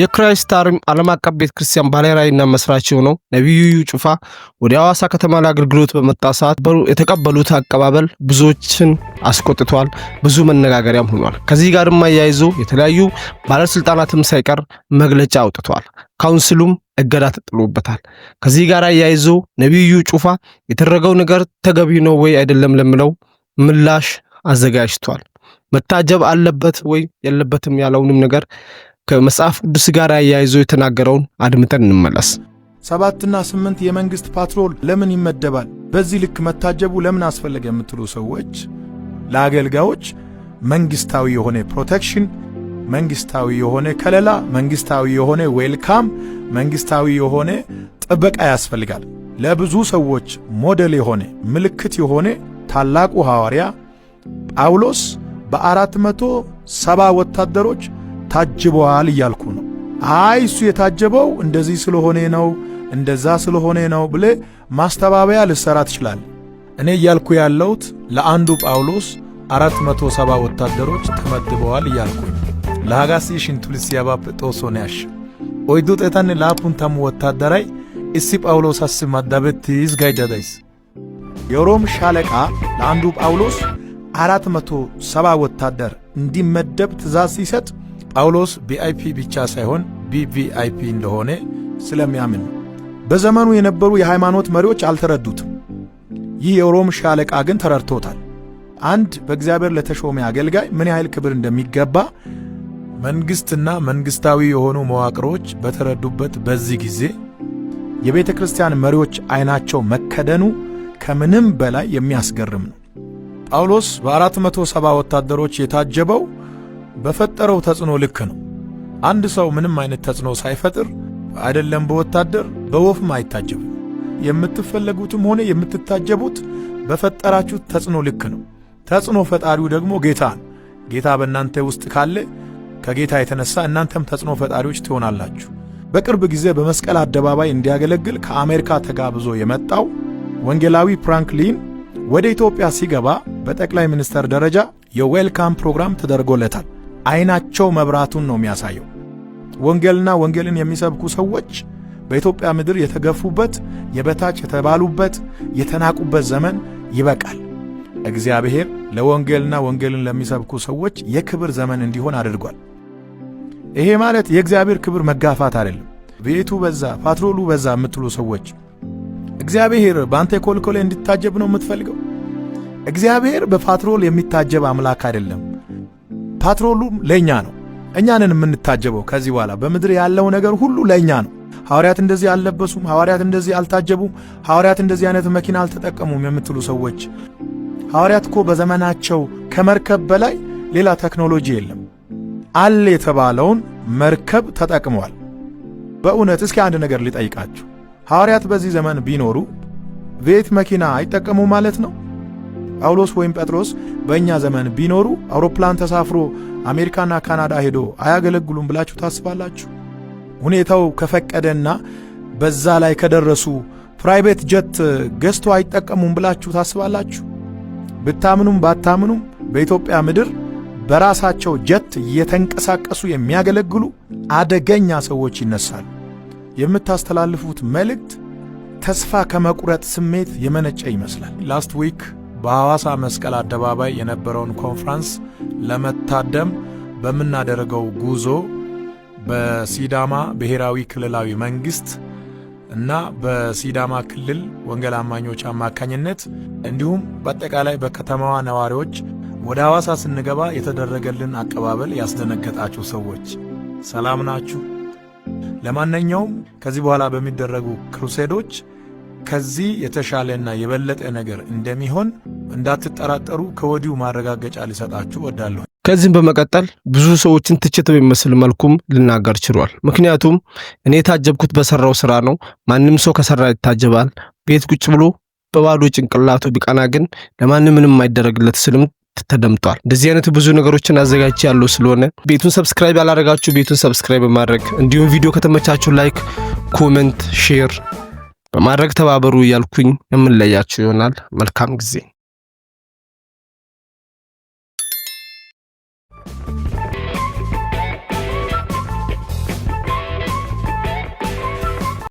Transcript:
የክራይስት አርሚ ዓለም አቀፍ ቤተ ክርስቲያን ባለራዕይና መስራች የሆነው ነቢዩ ኢዩ ጩፋ ወደ ሐዋሳ ከተማ ለአገልግሎት በመጣ ሰዓት የተቀበሉት አቀባበል ብዙዎችን አስቆጥቷል። ብዙ መነጋገሪያም ሆኗል። ከዚህ ጋርም አያይዞ የተለያዩ ባለስልጣናትም ሳይቀር መግለጫ አውጥቷል። ካውንስሉም እገዳ ተጥሎበታል። ከዚህ ጋር አያይዞ ነቢዩ ኢዩ ጩፋ የተደረገው ነገር ተገቢ ነው ወይ አይደለም ለምለው ምላሽ አዘጋጅቷል። መታጀብ አለበት ወይ የለበትም ያለውንም ነገር ከመጽሐፍ ቅዱስ ጋር አያይዞ የተናገረውን አድምጠን እንመለስ። ሰባትና ስምንት የመንግሥት ፓትሮል ለምን ይመደባል? በዚህ ልክ መታጀቡ ለምን አስፈለገ? የምትሉ ሰዎች ለአገልጋዮች መንግሥታዊ የሆነ ፕሮቴክሽን፣ መንግሥታዊ የሆነ ከለላ፣ መንግሥታዊ የሆነ ዌልካም፣ መንግሥታዊ የሆነ ጥበቃ ያስፈልጋል። ለብዙ ሰዎች ሞዴል የሆነ ምልክት የሆነ ታላቁ ሐዋርያ ጳውሎስ በአራት መቶ ሰባ ወታደሮች ታጅበዋል እያልኩ ነው። አይ እሱ የታጀበው እንደዚህ ስለሆነ ነው እንደዛ ስለሆነ ነው ብለ ማስተባበያ ልሰራ ትችላል። እኔ እያልኩ ያለሁት ለአንዱ ጳውሎስ አራት ወታደሮች ተመድበዋል እያልኩኝ ለሃጋሲ ሽንቱል ሲያባብ ጦሶንያሽ ኦይዱ ጤታን ለአፑን ታሙ ወታደራይ እሲ ጳውሎስ አስ ማዳበት ይዝጋይዳዳይስ የሮም ሻለቃ ለአንዱ ጳውሎስ አራት ወታደር እንዲመደብ ትእዛዝ ሲሰጥ ጳውሎስ ቢአይፒ ብቻ ሳይሆን ቢቪአይፒ እንደሆነ ስለሚያምን በዘመኑ የነበሩ የሃይማኖት መሪዎች አልተረዱትም። ይህ የሮም ሻለቃ ግን ተረድቶታል። አንድ በእግዚአብሔር ለተሾመ አገልጋይ ምን ያህል ክብር እንደሚገባ መንግሥትና መንግሥታዊ የሆኑ መዋቅሮች በተረዱበት በዚህ ጊዜ የቤተ ክርስቲያን መሪዎች ዐይናቸው መከደኑ ከምንም በላይ የሚያስገርም ነው። ጳውሎስ በአራት መቶ ሰባ ወታደሮች የታጀበው በፈጠረው ተጽዕኖ ልክ ነው። አንድ ሰው ምንም አይነት ተጽዕኖ ሳይፈጥር አይደለም በወታደር በወፍም አይታጀብም። የምትፈለጉትም ሆነ የምትታጀቡት በፈጠራችሁ ተጽዕኖ ልክ ነው። ተጽዕኖ ፈጣሪው ደግሞ ጌታ ነው። ጌታ በእናንተ ውስጥ ካለ ከጌታ የተነሳ እናንተም ተጽዕኖ ፈጣሪዎች ትሆናላችሁ። በቅርብ ጊዜ በመስቀል አደባባይ እንዲያገለግል ከአሜሪካ ተጋብዞ የመጣው ወንጌላዊ ፍራንክሊን ወደ ኢትዮጵያ ሲገባ በጠቅላይ ሚኒስትር ደረጃ የዌልካም ፕሮግራም ተደርጎለታል። አይናቸው መብራቱን ነው የሚያሳየው። ወንጌልና ወንጌልን የሚሰብኩ ሰዎች በኢትዮጵያ ምድር የተገፉበት፣ የበታች የተባሉበት፣ የተናቁበት ዘመን ይበቃል። እግዚአብሔር ለወንጌልና ወንጌልን ለሚሰብኩ ሰዎች የክብር ዘመን እንዲሆን አድርጓል። ይሄ ማለት የእግዚአብሔር ክብር መጋፋት አይደለም። ቤቱ በዛ፣ ፓትሮሉ በዛ የምትሉ ሰዎች እግዚአብሔር በአንተ ኮልኮሌ እንዲታጀብ ነው የምትፈልገው? እግዚአብሔር በፓትሮል የሚታጀብ አምላክ አይደለም። ፓትሮሉም ለእኛ ነው። እኛንን የምንታጀበው ከዚህ በኋላ በምድር ያለው ነገር ሁሉ ለእኛ ነው። ሐዋርያት እንደዚህ አልለበሱም፣ ሐዋርያት እንደዚህ አልታጀቡም፣ ሐዋርያት እንደዚህ አይነት መኪና አልተጠቀሙም የምትሉ ሰዎች ሐዋርያት እኮ በዘመናቸው ከመርከብ በላይ ሌላ ቴክኖሎጂ የለም። አለ የተባለውን መርከብ ተጠቅመዋል። በእውነት እስኪ አንድ ነገር ሊጠይቃችሁ፣ ሐዋርያት በዚህ ዘመን ቢኖሩ ቤት መኪና አይጠቀሙ ማለት ነው? ጳውሎስ ወይም ጴጥሮስ በእኛ ዘመን ቢኖሩ አውሮፕላን ተሳፍሮ አሜሪካና ካናዳ ሄዶ አያገለግሉም ብላችሁ ታስባላችሁ? ሁኔታው ከፈቀደና በዛ ላይ ከደረሱ ፕራይቬት ጀት ገዝቶ አይጠቀሙም ብላችሁ ታስባላችሁ? ብታምኑም ባታምኑም በኢትዮጵያ ምድር በራሳቸው ጀት እየተንቀሳቀሱ የሚያገለግሉ አደገኛ ሰዎች ይነሳሉ። የምታስተላልፉት መልእክት ተስፋ ከመቁረጥ ስሜት የመነጨ ይመስላል። ላስት ዊክ በሐዋሳ መስቀል አደባባይ የነበረውን ኮንፍራንስ ለመታደም በምናደርገው ጉዞ በሲዳማ ብሔራዊ ክልላዊ መንግስት እና በሲዳማ ክልል ወንጌል አማኞች አማካኝነት እንዲሁም በአጠቃላይ በከተማዋ ነዋሪዎች ወደ ሐዋሳ ስንገባ የተደረገልን አቀባበል ያስደነገጣችሁ ሰዎች ሰላም ናችሁ። ለማንኛውም ከዚህ በኋላ በሚደረጉ ክሩሴዶች ከዚህ የተሻለና የበለጠ ነገር እንደሚሆን እንዳትጠራጠሩ ከወዲሁ ማረጋገጫ ልሰጣችሁ እወዳለሁ። ከዚህም በመቀጠል ብዙ ሰዎችን ትችት በሚመስል መልኩም ልናገር ችሏል። ምክንያቱም እኔ የታጀብኩት በሰራው ስራ ነው። ማንም ሰው ከሰራ ይታጀባል። ቤት ቁጭ ብሎ በባዶ ጭንቅላቱ ቢቀና ግን ለማንም ምንም የማይደረግለት ስልም ተደምጧል። እንደዚህ አይነቱ ብዙ ነገሮችን አዘጋጅ ያለው ስለሆነ ቤቱን ሰብስክራይብ ያላደረጋችሁ ቤቱን ሰብስክራይብ ማድረግ እንዲሁም ቪዲዮ ከተመቻችሁ ላይክ፣ ኮመንት፣ ሼር በማድረግ ተባበሩ እያልኩኝ የምንለያችሁ ይሆናል። መልካም ጊዜ